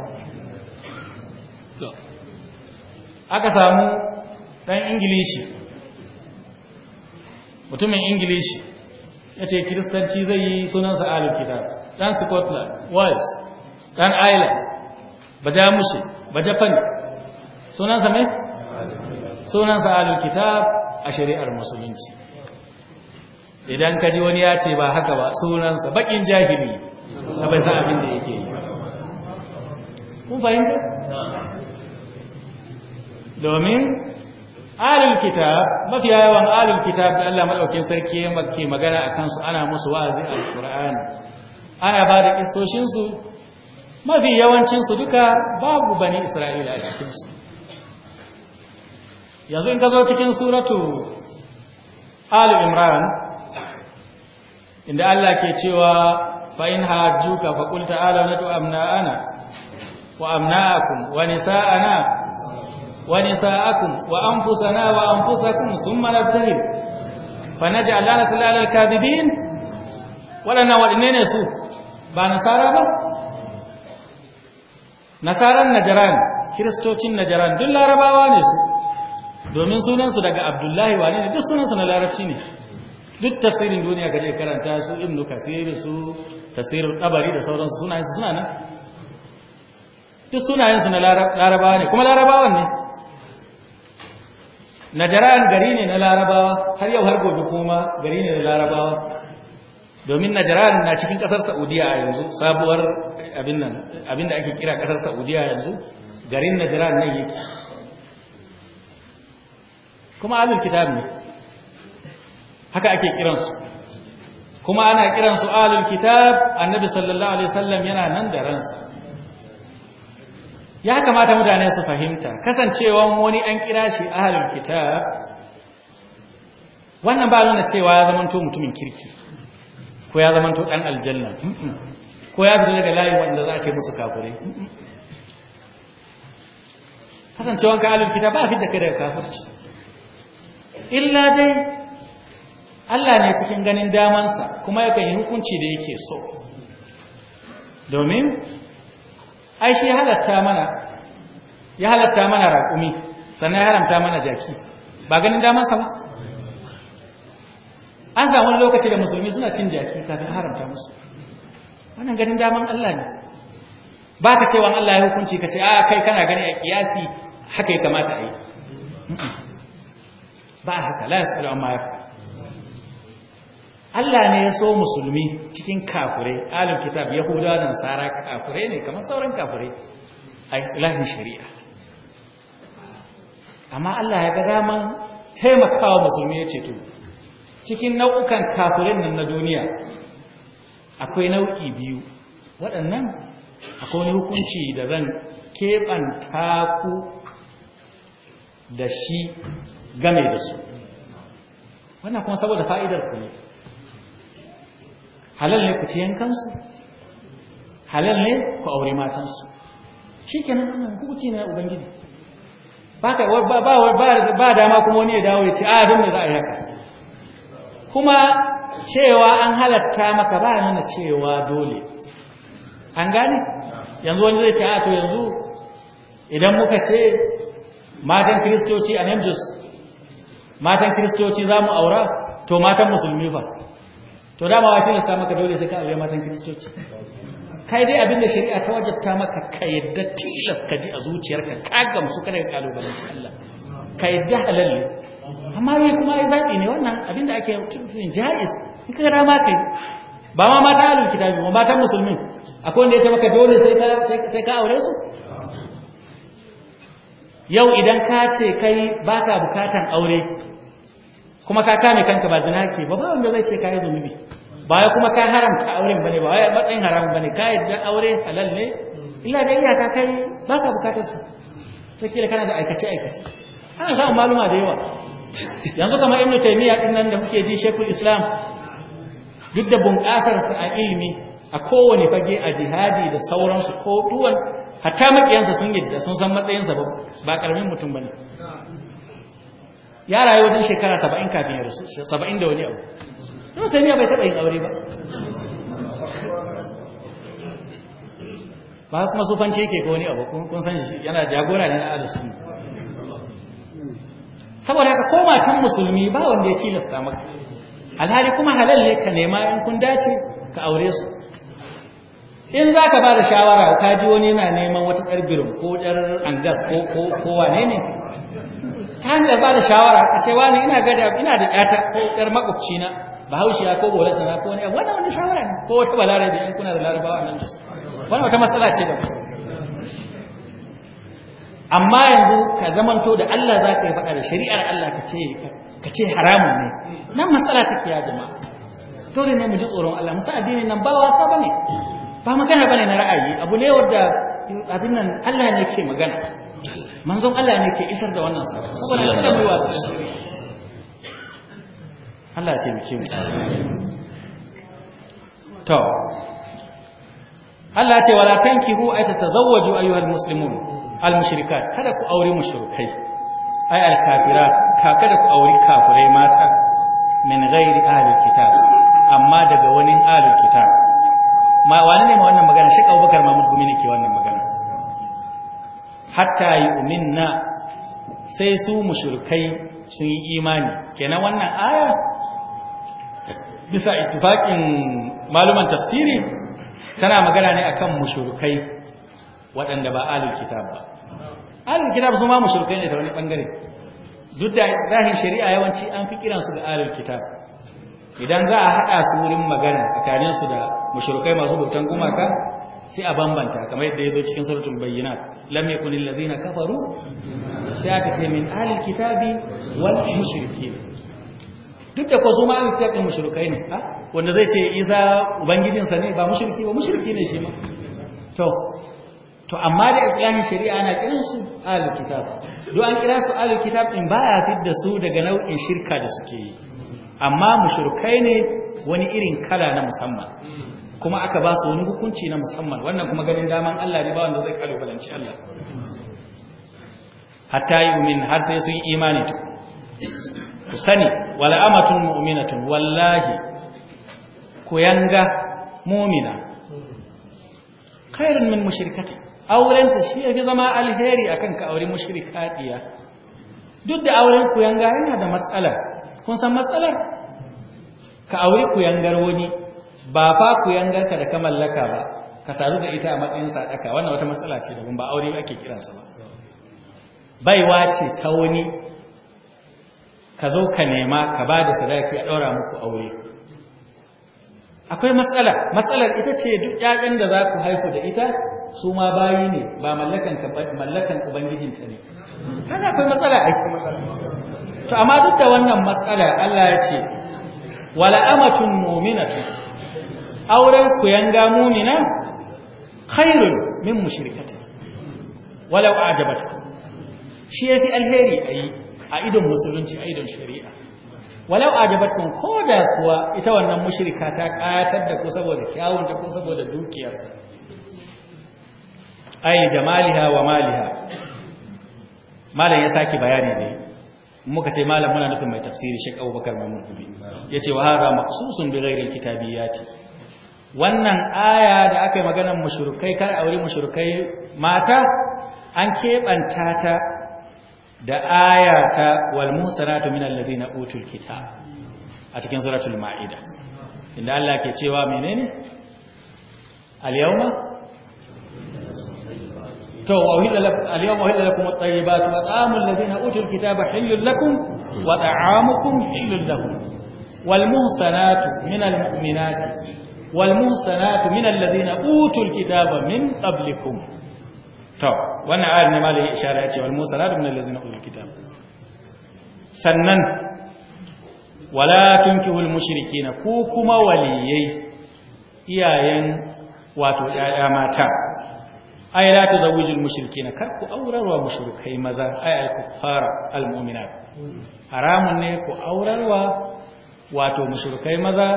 aka samu ɗan ingilishi mutumin ingilishi ya ce kiristanci zai yi sunansa alif kitab scotland wales dan ireland ba ja ba japan sunansa mai sunansa alif kitab a shari'ar musulunci idan ka ji wani ya ce ba haka ba sunansa bakin jahili na bai sa abin da yake yi kun fahimta domin alil kitab mafiya yawan alil kitab da Allah madaukakin sarki ya mace magana akan su ana musu wa'azi alqur'ani ana ba da kissoshin su mafi yawancin su duka babu bani isra'ila a cikin su yanzu in ka zo cikin suratu al imran inda Allah ke cewa fa in hajjuka fa qul ta'ala amna ana wa amna'akum wa nisa'ana ونساءكم وأنفسنا وأنفسكم ثم نبتهل فنجعل لنا سلال الكاذبين ولنا ولنين يسوء با نصارى با نصارى النجران كريستوتين نجران دل رباوان يسوء domin sunansu daga abdullahi wane ne duk sunansu na larabci ne duk tafsirin duniya ga karanta su ibnu kasir su tafsirin tabari da sauransu sunayensu suna nan duk sunayensu na larabawa ne kuma larabawan ne najaran gari ne na larabawa har yau har gobe kuma gari ne na larabawa domin najaran na cikin ƙasar saudiya a yanzu sabuwar abin nan abin da ake kira ƙasar saudiya yanzu garin najaran nan yake kuma alul kitab ne haka ake kiransu kuma ana kiransu alul kitab annabi sallallahu alaihi wasallam yana nan da ransa ya kamata mutane su fahimta kasancewan wani an kira shi ahalin kitab wannan ba nuna cewa ya zamanto mutumin kirki ko ya zamanto dan aljanna ko ya fito daga layi wanda za a ce musu kafure kasancewan ka ahalin kitab ba fi da kai daga kafirci illa dai Allah ne cikin ganin damansa kuma yakan yi hukunci da yake so domin ai shi halatta mana ya halatta mana raƙumi sannan ya haramta mana jaki ba ganin damar sama an samu lokaci da musulmi suna cin jaki kafin haramta musu wannan ganin damar Allah ne ba ka cewa Allah ya hukunci ka ce a kai kana gani a kiyasi haka ya kamata a yi ba haka la yasalu amma ya Allah ne ya so musulmi cikin kafure, alim kitab ya yahudawa da nasara kafure ne kamar sauran kafure a islahin shari'a amma Allah ya ga daman taimakawa musulmi ya ceto cikin nau'ukan kafirin nan na duniya akwai nau'i biyu waɗannan akwai wani hukunci da zan keɓanta ku da shi game da su wannan kuma saboda fa'idar ku ne halal ne ku ci yankansu halal ne ku aure matansu shi kenan ah, ku hukunci na ubangiji ba dama kuma wani ya dawo ya ce a ah, don da za a yi haka kuma cewa an halatta maka ba nuna cewa dole an gane yanzu wani zai ce a ah, to yanzu idan muka ce matan kiristoci a nemjus matan kiristoci za mu aura to matan musulmi fa to da ba wa tilasta maka dole sai ka aure matan kiristoci kai dai abin da shari'a ta wajabta maka ka yadda tilas ka ji a zuciyarka ka gamsu kada ka kalubalanci Allah ka yadda halal ne amma ne kuma ai zabi ne wannan abin da ake yin jaiz in ka maka kai ba ma mata alul kitabi ba matan musulmin akwai wanda ya ce maka dole sai ka sai ka aure su yau idan ka ce kai baka bukatan aure kuma ka kame kanka ba zina ke ba ba wanda zai ce ka yi zunubi ba kuma ka haramta auren bane ba wai matsayin haramun bane ka aure halal ne illa da iyaka kai ba ka bukatar su sai kana da aikace aikace ana samun maluma da yawa yanzu kamar ibnu taymiya din nan da kuke ji shekul islam duk da bunƙasar sa a ilimi a kowane fage a jihadi da sauransu ko duwan hatta makiyansa sun yadda sun san matsayinsa ba ƙaramin mutum bane ya rayu wajen shekara saba'in kafin ya rasu saba'in da wani abu don samiya bai taɓa yin aure ba ba kuma sufanci yake ga wani abu kun san shi yana jagora ne na adasu saboda haka ko matan musulmi ba wanda ya tilasta maka alhali kuma halal ne ka nema in kun dace ka aure su in za ka ba da shawara ka ji wani yana neman wata ɗarbirin ko ɗar angas ko wane ne ta hanyar ba da shawara a ce wani ina gada ina da ƴata ko ƴar makwabci na ya ko bolasa sana ko wani abu wannan wani shawara ne ko wata balare da in kuna da larabawa nan jos wannan wata matsala ce da amma yanzu ka zamanto da Allah za ka yi faɗa da shari'ar Allah ka ce ka ce haramun ne nan matsala take ya jama'a dole ne mu ji tsoron Allah musa addinin nan ba wasa bane ba magana bane na ra'ayi abu ne wanda abin nan Allah ne ke magana manzon Allah ne ke isar da wannan sako Allah ya taimake mu Allah ce wala tankihu ay tatazawwaju ayyuhal muslimun al mushrikat kada ku aure mushrikai ay al kafira ka kada ku aure kafirai mata min ghairi ahli kitab amma daga wani ahli kitab ma wani ne ma wannan magana shi Abubakar Mahmud Gumi ne ke wannan magana hatta yi na sai su mushrikai sun yi imani kenan wannan aya bisa ittifakin maluman tafsiri tana magana ne akan mushrikai waɗanda ba alul kitab ba alul kitab su ma mushrikai ne ta wani bangare duk da zahin shari'a yawanci an fi kiransu da alul kitab idan za a haɗa su wurin magana tsakaninsu da mushrikai masu bautan gumaka sai a bambanta kamar yadda ya zo cikin suratul bayyinat lam yakun allazina kafaru sai aka ce min ahlil kitabi wal mushrikin duk da ko su ma ahlil kitabi mushrikai ne ha wanda zai ce isa ubangijinsa ne ba mushriki ba mushriki ne shi ma to to amma da islahin shari'a ana kiran su ahlul kitab do an kira su ahlul kitab din baya fidda su daga nau'in shirka da suke yi amma mushrikai ne wani irin kala na musamman kuma aka ba su wani hukunci na musamman wannan kuma ganin daman Allah ne ba wanda zai kalubalanci Allah hatta yi yu'min har sai sun imani ku sani wala amatun mu'minatun wallahi ku yanga mu'mina khairun min mushrikati aurenta shi yafi zama alheri akan ka aure mushrika diya duk da auren ku yanga yana da matsala kun san matsalar ka aure ku yangar wani ba fa ku yangarka da ka mallaka ba ka sadu da ita a matsayin sadaka wannan wata matsala ce daban ba aure ake kiransa ba baiwa ce ta wani ka zo ka nema ka ba da sadaki a ɗaura muku aure akwai matsala matsalar ita ce duk ƴaƴan da za ku haifu da ita su ma bayi ne ba mallakan mallakan ta ne kaga akwai matsala ai to amma duk da wannan matsala Allah ya ce wala amatun mu'minatun auren kuyanga mumina khairun min mushrikata walau ajabatkum shi yafi alheri ayi a idon musulunci a idon shari'a walau ko koda kuwa ita wannan mushrika ta kayatar da ku saboda kyawun da ku saboda dukiyar ai jamaliha wa maliha malam ya saki bayani ne muka ce malam muna nufin mai tafsiri Sheikh Abubakar kubi ya yace wa hada maqsusun bi ghairin kitabiyyati wannan aya da aka yi maganar mushrikai kar aure mushrikai mata an keɓanta ta da aya ta wal min minal na utul kitab a cikin suratul maida inda Allah ke cewa menene al yawma to wahilla lakum al yawma wahilla lakum at-tayyibat wa ta'amul ladina utul kitaba halal lakum wa ta'amukum halal lahum wal muhsanatu minal mu'minati wal muhsanatu min alladhina utul kitaba min qablikum to wannan ayar ne malai isharar ya ce wal muhsanatu min alladhina utul kitaba sannan wala tunkihul waliyai iyayen wato yaya mata ay la tazawujul mushrikina kar ku aurarwa mushrikai maza ai al kuffara al mu'minat haramun ne ku aurarwa wato mushrikai maza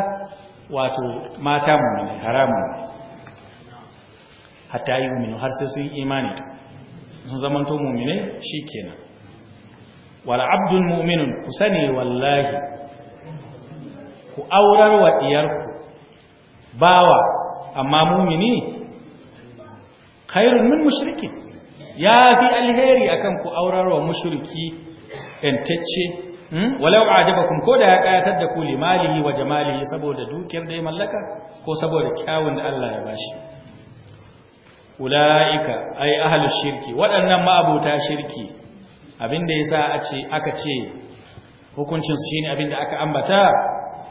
wato mata mummune haramun ne hatta yi uminu har sai sun imani sun zamanto mummune shi kenan Wala abdun mu'minun ku sani wallahi ku aurar wa bawa amma mumini khairun min mushrikin ya fi alheri akan ku aurar wa mushriki yantacce Hmm? walau ajabakum ko da ya kayatar da ku limalihi wa jamalihi saboda dukiyar da ya mallaka ko saboda kyawun da Allah ya bashi ulaika ay ahlus shirki waɗannan ma'abuta shirki abinda yasa a ce aka ce hukuncin su shine abinda aka ambata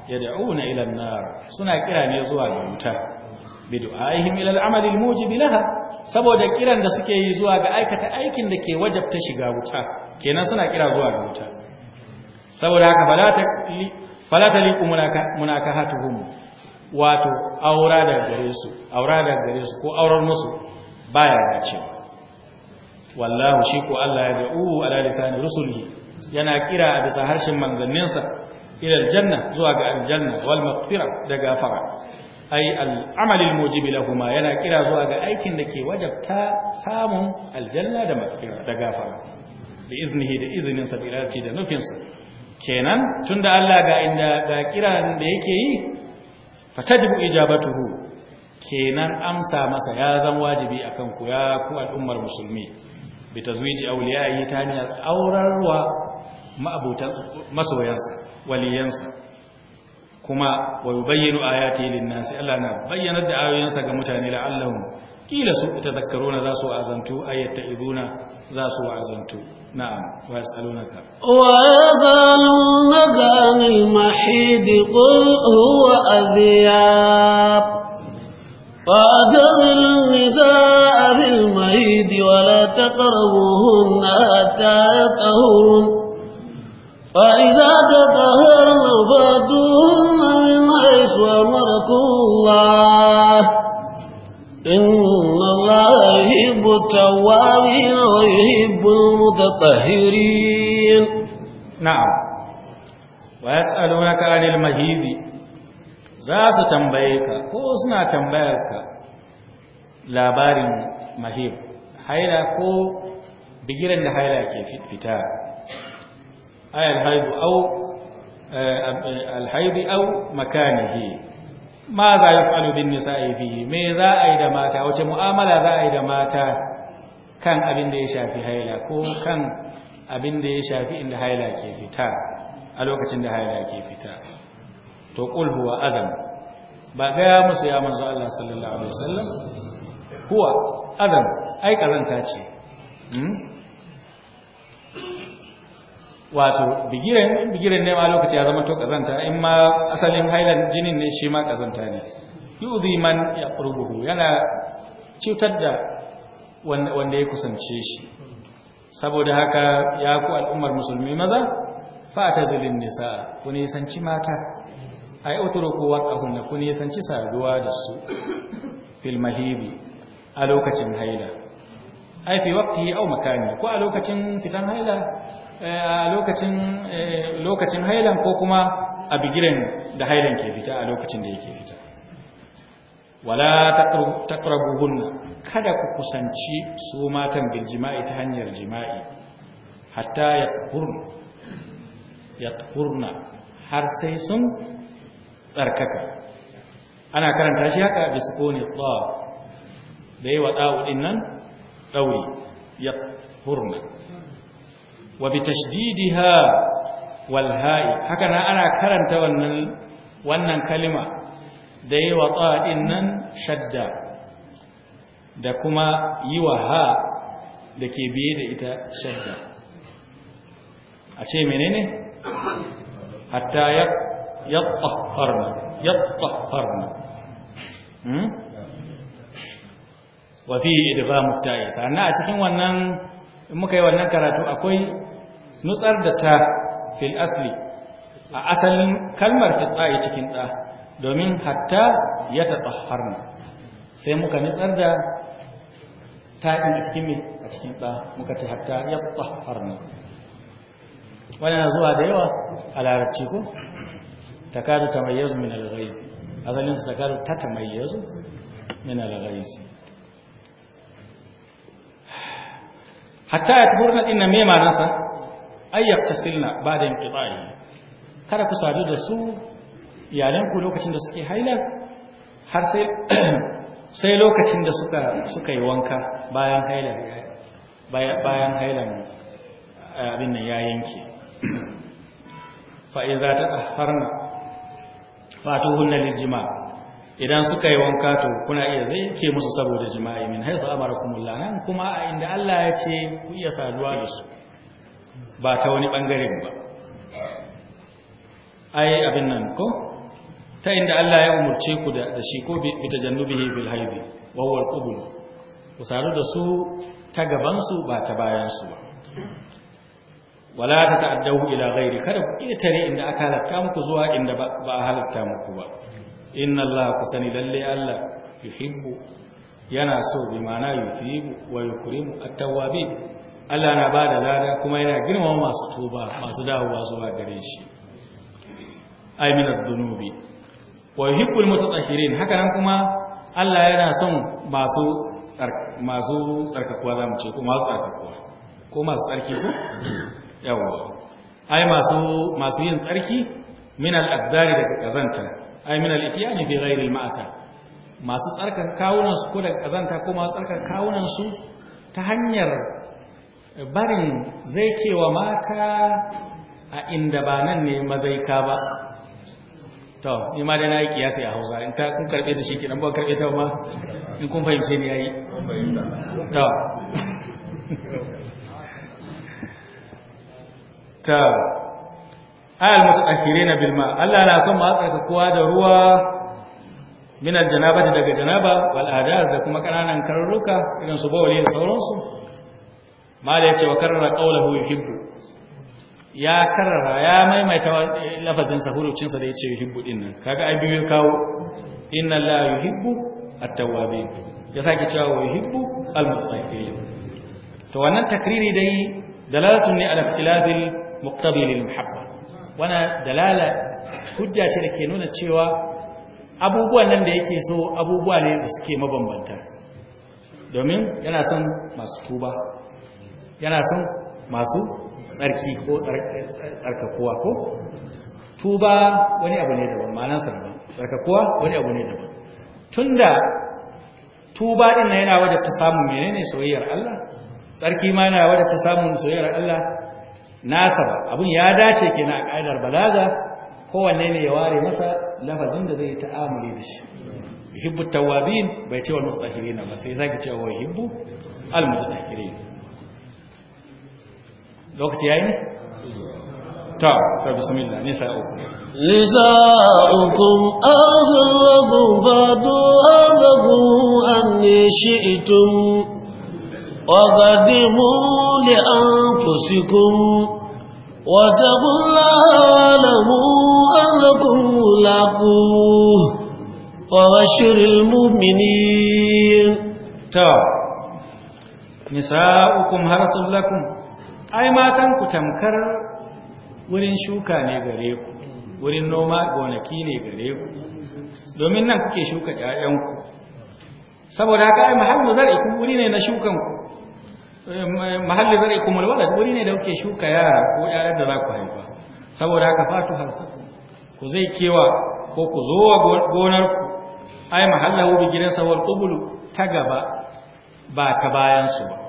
yad'una ila an-nar suna kira ne zuwa ga wuta a ila al-amal al-mujib laha saboda kiran da suke yi zuwa ga aikata aikin da ke wajabta shiga wuta kenan suna kira zuwa ga wuta saboda haka fala ta liku munakahatuhum wato aura da gare su aura da gare su ko aurar musu baya dacewa wallahu shi ko Allah ya da'u ala lisani yana kira a bisa harshen manzanninsa ila janna zuwa ga aljanna wal maghfira da gafara ay al'amal almujib lahumma yana kira zuwa ga aikin da ke wajabta samun aljanna da maghfira da gafara bi iznihi da iznin sa bi da nufinsa kenan tunda Allah ga inda ga kiran da yake yi fatajibu ijabatuhu kenan amsa masa ya zan wajibi akan ku ya ku al'ummar musulmi bi tazwiji awliya'i ta hanyar aurarwa ma'abutan masoyansa waliyansa kuma wa yubayyinu ayati lin-nasi Allah na bayyana da ayoyinsa ga mutane la'allahum kila su tadhakkaruna za su azantu ayyata ibuna za su azantu na'am wa yasalunaka wa yasalunaka anil mahid qul huwa adiyab فأدر النساء بالمهيد ولا تقربوهن حتى يطهرن فإذا تطهرن فأتوهن من حيث أمركم الله إن التوابين ويحب المتطهرين نعم ويسألونك عن المهيد za su tambaye ka ko suna tambayar ka labarin mahib haila ko bigiran da haila ke fita ayar haidu au makanihi ma za ya fa'alu bin yi fi me za a yi da mata wace mu'amala za a yi da mata kan abin da ya shafi haila ko kan abin da ya shafi inda haila ke fita a lokacin da haila ke fita to qul adam ba gaya musu ya manzo Allah sallallahu alaihi wasallam huwa adam ai ce hmm? wato bigiren bigiren ne ma lokaci ya zama to kazanta in ma asalin hailan jinin ne shi ma kazanta ne yuzi man yana cutar da wanda ya kusance shi saboda haka ya ku al'ummar musulmi maza zilin nisa ku nisanci mata ay utruku ku nisanci saduwa da su fil mahibi a lokacin haila ai fi waqtihi makani ko a lokacin fitan haila Eh, a eh, lokacin hailan ko kuma a bigiren da hailan ke fita a lokacin da yake fita wala taqrabuhunna kada ku kusanci su matan bin jima'i ta hanyar jima'i hatta yathurna har sai sun tsarkaka ana karanta shi haka biskoni ne, da yi wa ɗa'udin nan ɗauri yathurna wa bi tashdidha wal ha'i haka nan ana karanta wannan wannan kalima da yi wa ta'in nan shadda da kuma yi wa ha da ke biye da ita shadda a ce menene hatta yattahharna yattahharna hmm? wa fi idgham at-ta'i sannan a cikin wannan in muka yi wannan karatu akwai nutsar da ta fil asli a asalin kalmar fitsaye cikin ɗa domin hatta ya taɓa sai muka nutsar da ta'in a cikin a cikin ɗa muka ce hatta ya taɓa wannan zuwa da yawa a larabci ko takadu tamayyazu min al-ghaiz azalin su takadu ta yanzu min al-ghaiz hatta ya taburna din me nasa. ayyaka tasilna ba da inqita'i kada ku sadu da su iyalanku ku lokacin da suke haila har sai lokacin da suka suka yi wanka bayan haila hailan eh, abin nan ya yanke fa iza tatahharna fatuhunna jima idan suka yi wanka to kuna iya zai ke musu saboda jima'i min haifu amarakumullah nan kuma inda Allah ya ce ku iya saduwa da su ba ta wani ɓangaren ba ai abin nan ko ta inda Allah ya umurce ku da shi ko bi tajannubihi fil haidi wa qubul ku saru da su ta gaban su ba ta bayan su ba wala ta ta'addahu ila ghairi kada ku ketare inda aka halatta muku zuwa inda ba a halatta muku ba inna Allah ku sani lalle Allah yuhibbu yana so bi ma'ana yusibu wa yukrimu at-tawwabin Allah na ba da lada kuma yana girma masu tuba masu dawowa zuwa gare shi aminat dunubi wa yuhibbul mutatahhirin haka nan kuma Allah yana son masu masu tsarkakuwa zamu ce ko masu tsarkakuwa ko masu tsarki ko yawa ai masu masu yin tsarki min al-aqdari daga kazanta ai min al ityani bi ghairi al-ma'ata masu tsarkan kawunan su ko daga kazanta ko masu tsarkan kawunan su ta hanyar barin zai ke wa mata a inda ba nan ne mazaika ba to ni ma da na yi kiyasi a hausa in kun karbe ta shi ke nan ba karbe ta ba in kun fahimce ni yi to to al musakhirina na bilma Allah na son ma tsaka kowa da ruwa min al daga janaba wal'adar da kuma kananan karruka irin su bawali da sauransu mala yace wa karrara qawluhu yuhibbu ya karrara ya maimaita lafazin sa hurucin sa da yace yuhibbu din nan kaga ai biyo kawo inna la yuhibbu at-tawwabin ya sake cewa wa yuhibbu al-mutatahhirin to wannan takriri dai dalalatu ne ala ikhtilafil muqtabi lil muhabba wana dalala hujja ce da ke nuna cewa abubuwan nan da yake so abubuwa ne da suke mabambanta domin yana son masu tuba yana son masu tsarki ko tsarkakuwa ko tuba wani abu ne daban ma'anansa daban tsarkakuwa wani abu ne daban tunda tuba din na yana wadatta samun menene soyayyar Allah tsarki ma yana wadatta samun soyayyar Allah nasa ba abin ya dace kenan a ka'idar balaga kowanne ne ya ware masa lafazin da zai ta'amuli da shi yuhibbu tawabin bai ce wa mutatahhirin ba sai zaki ce wa yuhibbu al mutatahhirin lokaci yi ne ta ta bismillah nisa uku nisa'ukum arzulakum fatu arzakum anni shi'tum وقدموا لأنفسكم واتقوا الله واعلموا أنكم ملاقوه وبشر المؤمنين تو نساؤكم حرث لكم ai matan ku tamkar wurin shuka ne gare ku wurin noma gonaki ne gare ku domin nan kuke shuka ƴaƴanku saboda haka ai mahallu ku wuri ne na shukan ku eh, mahallu ku mulwala wuri ne da kuke shuka yara ko ƴaƴan da za ku haifa saboda haka fatu harsakum ku zai kewa ko ku zo wa gonar ku ai mahallahu bi gidansa wal qublu ta gaba ba ta bayan su ba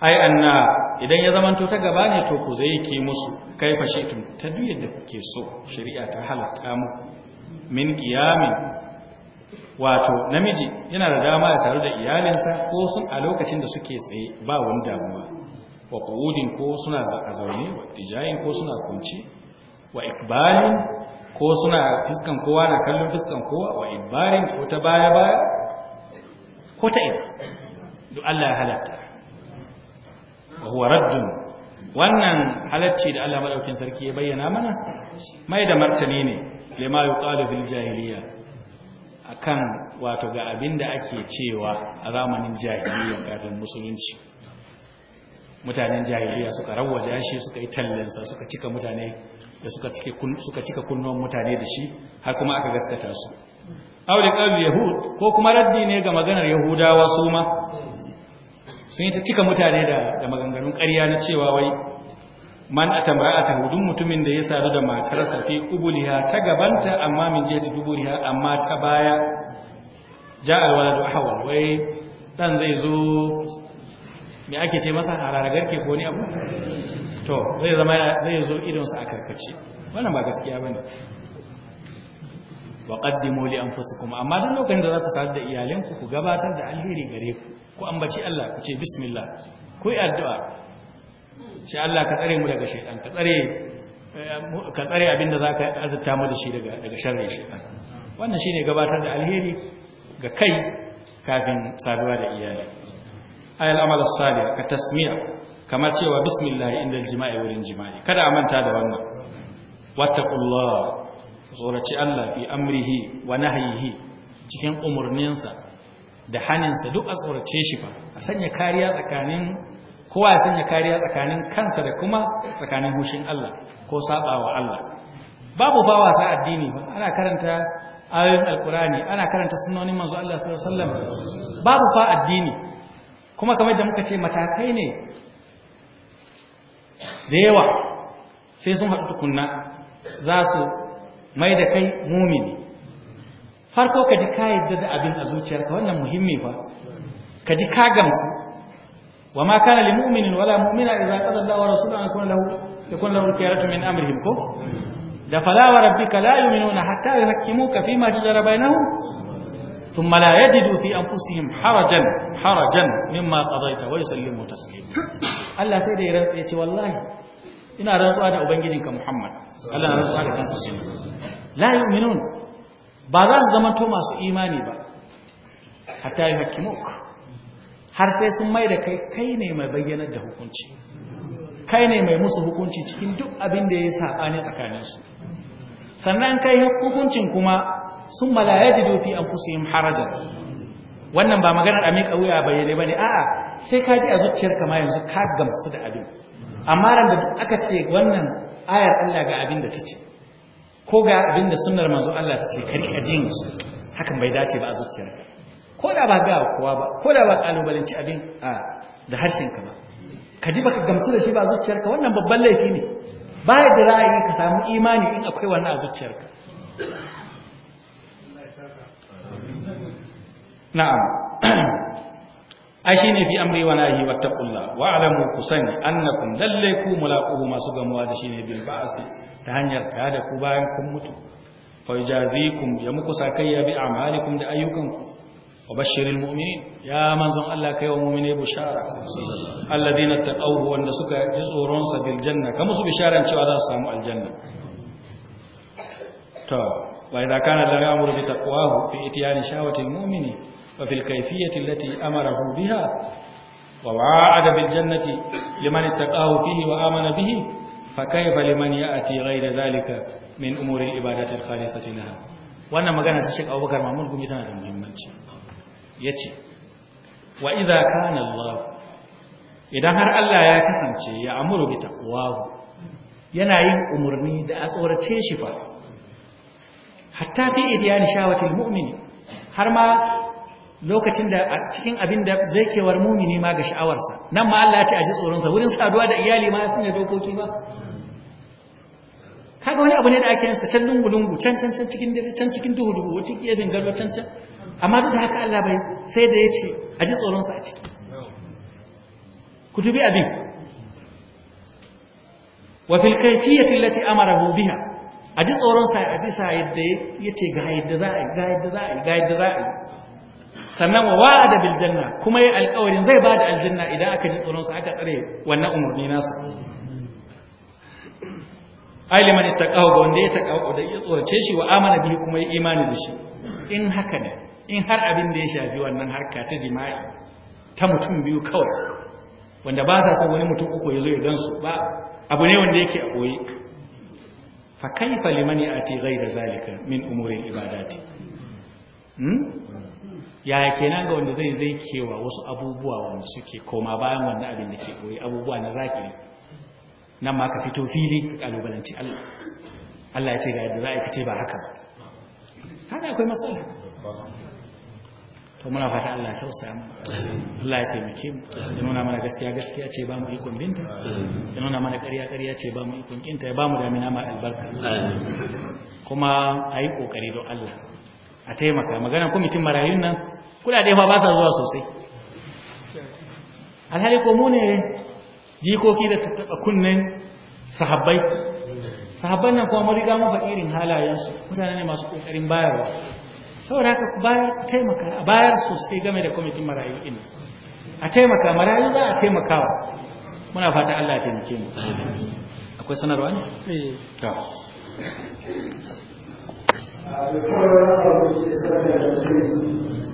ai anna idan ya to ta gaba ne to ku zai ki musu kaifa tun ta duk yadda kuke so shari'a ta halatta mu min qiyamin wato namiji yana da dama ya saru da iyalinsa ko sun a lokacin da suke tsaye ba wani damuwa wa qudin ko suna a zaune wa tijayin ko suna kunci wa ibalin ko suna fiskan kowa na kallon fiskan kowa wa ibarin ko ta baya baya ko ta ina duk Allah ya halatta wa raddun wannan halacci da Allah madaukin sarki ya bayyana mana mai da martani ne lima yuqalu fil jahiliya akan wato ga abinda ake cewa a zamanin jahiliya kafin musulunci mutanen jahiliya suka rawaja shi suka yi tallansa suka cika mutane da suka cike suka cika kunnuwan mutane da shi har kuma aka gaskata su Aure da yahud ko kuma raddi ne ga maganar yahudawa su ma sun yi ta cika mutane da maganganun ƙarya na cewa wai man a tamra'ata hudun mutumin da ya sadu da matarsa fi kubuliha ta gabanta amma min je kubuliha amma ta baya ja alwaladu ahwal wai dan zai zo me ake ce masa hararagar ke ko ne abu to zai zama zai zo idonsa a karkace wannan ba gaskiya ba ne wa an li kuma. amma don lokacin da za ku sadu da iyalinku ku gabatar da alheri gare ku ku ambaci Allah ku ce bismillah ku yi addu'a shi Allah ka tsare mu daga shaidan ka tsare eh, abinda zaka azurta mu da shi daga daga sharrin shaidan wannan shine gabatar da alheri ga kai kafin saduwa da iyali ayal amal Sadiya, ka tasmiya kamar cewa bismillah inda jima'i wurin jima'i kada a manta da wannan wattaqullah tsoraci Allah fi amrihi wa nahyihi cikin umarninsa. da haninsa duk a tsorace shi ba a sanya kariya tsakanin kowa ya sanya kariya tsakanin kansa da kuma tsakanin hushin Allah ko sabawa Allah babu ba wasa addini ba ana karanta ayoyin alkurani ana karanta sunonin manzo Allah sallallahu babu fa addini kuma kamar da muka ce matakai ne da yawa sai sun haɗu tukunna za su mai da kai mumini farko ka ji ka yadda da abin a zuciyarka wannan muhimmi fa ka ji ka gamsu wa ma kana lil mu'minin wala mu'mina idza qada Allahu wa rasuluhu an yakuna lahu yakuna lahu khiyaratu min amrihim ko da fala wa rabbika la yu'minuna hatta yuhakkimuka fima shajara bainahum thumma la yajidu fi anfusihim harajan harajan mimma qadaita wa yusallimu taslima Allah sai da ya rantsa ya ce wallahi ina rantsuwa da ubangijinka Muhammad Allah na rantsuwa da kansa la yu'minun ba za su zamanto masu imani ba hatta yi hakimuk har sai sun mai da kai kai ne mai bayyanar da hukunci kai ne mai musu hukunci cikin duk abin da ya saɓani tsakaninsu sannan kai hukuncin kuma sun malaya ji dofi an fusu yin harajar wannan ba maganar amin ƙauya bayyane ba ne a'a sai ka ji a zuciyar kama yanzu ka gamsu da abin amma ran da aka ce wannan ayar Allah ga abin da ta ce ko ga abin da sunnar manzo Allah ce karka jin hakan bai dace ba a zuciyarka ko da ba ga kowa ba ko da ba kalubalanci abin da harshen ka ba ka ji baka gamsu da shi ba a zuciyarka wannan babban laifi ne ba da ra'ayi ka samu imani in akwai wannan a zuciyarka na'am ai shine fi amri wa nahi wattaqullah wa alamu kusani annakum lallai ku mulaquhu masu gamuwa da shine bil ba'si ta hanyar ta da ku bayan kun mutu fayjazikum ya muku sakayya bi a'malikum da ayyukanku wa bashiril mu'minin ya manzon Allah kai wa mu'mine bushara alladina taqaw wanda suka ji tsoron sa bil janna kamar su bisharan cewa za su samu aljanna to wa idza kana la ya'muru bi taqwahu fi itiyani shawati mu'mini wa fil kayfiyati allati amarahu biha wa wa'ada bil jannati liman ittaqahu fihi wa amana bihi فكيف لمن ياتي غير ذلك من امور العبادات الخالصه لها وانا مغانا الشيخ ابو بكر مامون قومي muhimmanci. Ya ce wa idha kana allah idan har allah ya kasance ya amuru bi taqwa yana yin umarni da a tsorace shi fa hatta fi idyan shawati almu'min har ma lokacin da cikin abin da zai kewar ne ma ga sha'awarsa nan ma Allah ya ce a ji tsoronsa wurin saduwa da iyali ma sun da dokoki ba kaga wani abu ne da ake yansa can dungu dungu can can can cikin dare can cikin duhu duhu wata iya dingalo can can amma duk da haka Allah bai sai da ya ce a ji tsoronsa a ciki ku dubi abin wa fil kayfiyati allati amarahu biha a ji tsoronsa a bisa yadda ya ce ga yadda za a yi ga yadda za a yi ga yadda za a yi sannan wa wa'ada bil janna kuma yayi alƙawarin zai ba da aljanna idan aka ji tsoron sa aka tsare wannan umurni nasa aliman ittaqahu ga wanda ya taqawa da ya tsorace shi wa amana bihi kuma ya imani da shi in haka ne in har abin da ya shafi wannan harka ta jima'i ta mutum biyu kawai wanda ba ta son wani mutum uku ya zo ya gansu ba abu ne wanda yake a koyi fa kaifa liman ya'ti ghayra zalika min umuri ibadati hmm yaya nan ga wanda zai zai kewa wasu abubuwa wanda suke koma bayan wanda abin da ke koyi abubuwa na zakiri nan ma ka fito fili ka kalubalanci Allah Allah ya ce ga yadda za a fice ba haka ba hana akwai matsala to muna fata Allah ya tausaya mu Allah ya taimake mu ya nuna mana gaskiya gaskiya ce ba mu ikon binta ya nuna mana ƙarya ƙarya ce ba mu ikon kinta ya ba mu damina ma albarka kuma a yi ƙoƙari don Allah a taimaka magana kwamitin marayun nan kudade fa ba sa zuwa sosai alhali ko mu ne jikoki da tattaba kunnen sahabbai sahabban nan kuma mun riga mun fa irin halayensu mutane ne masu kokarin bayarwa saboda haka bayar taimaka a bayar sosai game da kwamitin marayu din a taimaka marayu za a taimakawa muna fata Allah ya taimake mu akwai sanarwa ne eh to a